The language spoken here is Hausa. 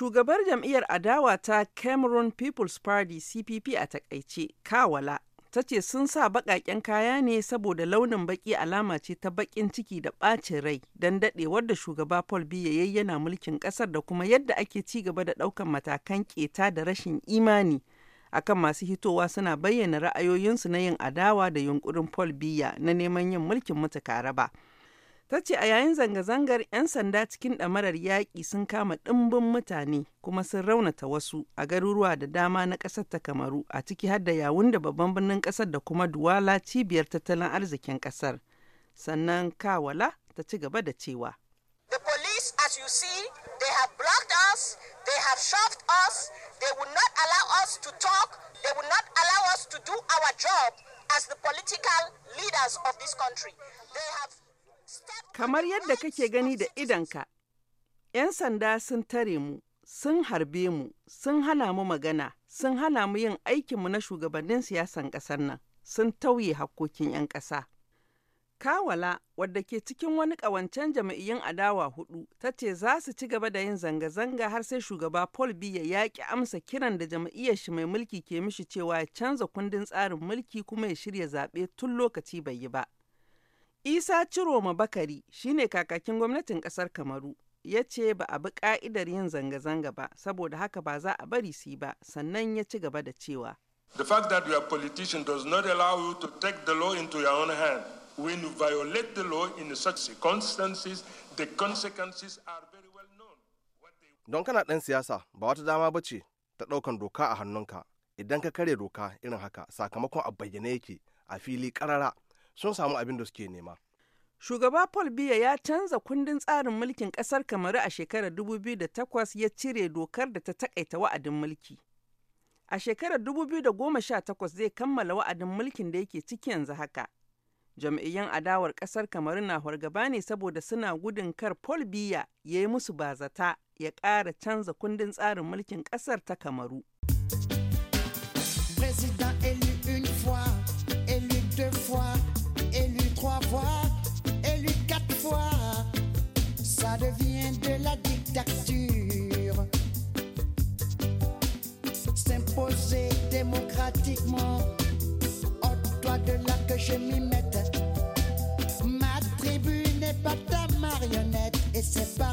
Shugabar jam'iyyar adawa ta Cameroon People's Party CPP a takaice, Kawala, ta ce sun sa baƙaƙen kaya ne saboda launin baƙi alama ce ta baƙin ciki da ɓacin rai don daɗewar da shugaba Paul Biya yayi yana mulkin ƙasar da kuma yadda ake ci gaba da ɗaukan matakan ƙeta da rashin imani akan masu hitowa suna bayyana ra'ayoyinsu na yin adawa da yunkurin Paul Biya na neman yin mulkin mutu ba. Ta ce a yayin zanga-zangar 'yan sanda cikin ɗamarar yaƙi sun kama ɗimbin mutane kuma sun raunata wasu a garuruwa da dama na ƙasar ta Kamaru a ciki har da yawun da babban birnin ƙasar da kuma Duwala cibiyar tattalin arzikin ƙasar. Sannan Kawala ta ci gaba da cewa. The police as you see they have blocked us, they have shoved us, they will not allow us to talk, they will not allow us to do our job as the political leaders of this country. They have Kamar yadda kake gani da idanka, ‘yan sanda sun tare mu, sun harbe mu, sun hana mu magana, sun hana mu yin aikinmu na shugabannin siyasan ƙasar nan, sun tauye hakkokin ‘yan ƙasa. Kawala, wadda ke cikin wani ƙawancen jama'iyyun adawa hudu, ta ce za su ci gaba da yin zanga-zanga har sai shugaba Paul Biya ya ki amsa kiran da jam'iyyar shi mai mulki ke mishi cewa ya canza kundin tsarin mulki kuma ya shirya zaɓe tun lokaci bai yi ba. Isa Ciroma Bakari shine kakakin gwamnatin kasar Kamaru ya ce ba a bi ka'idar yin zanga-zanga ba saboda haka ba za a bari su ba sannan ya ci gaba da cewa. The fact that you are politician does not allow you to take the law into your own hand. When you violate the law in such circumstances, the consequences are very well known. Don kana ɗan siyasa ba wata dama ba ce ta ɗaukan doka a hannunka idan ka kare doka irin haka sakamakon a bayyane yake a fili karara. sun samu abin da suke nema. Shugaba Paul Biya ya canza kundin tsarin mulkin kasar Kamaru a shekarar 2008 ya cire dokar da ta takaita wa'adin mulki. A shekarar 2018 zai kammala wa'adin mulkin da yake ciki yanzu haka. Jam'iyyan adawar kasar Kamaru na hargaba ne saboda suna gudun kar Paul Biya ya yi musu bazata ya ƙara canza kundin tsarin mulkin kasar ta Kamaru. Ma tribu n'est pas ta marionnette et c'est pas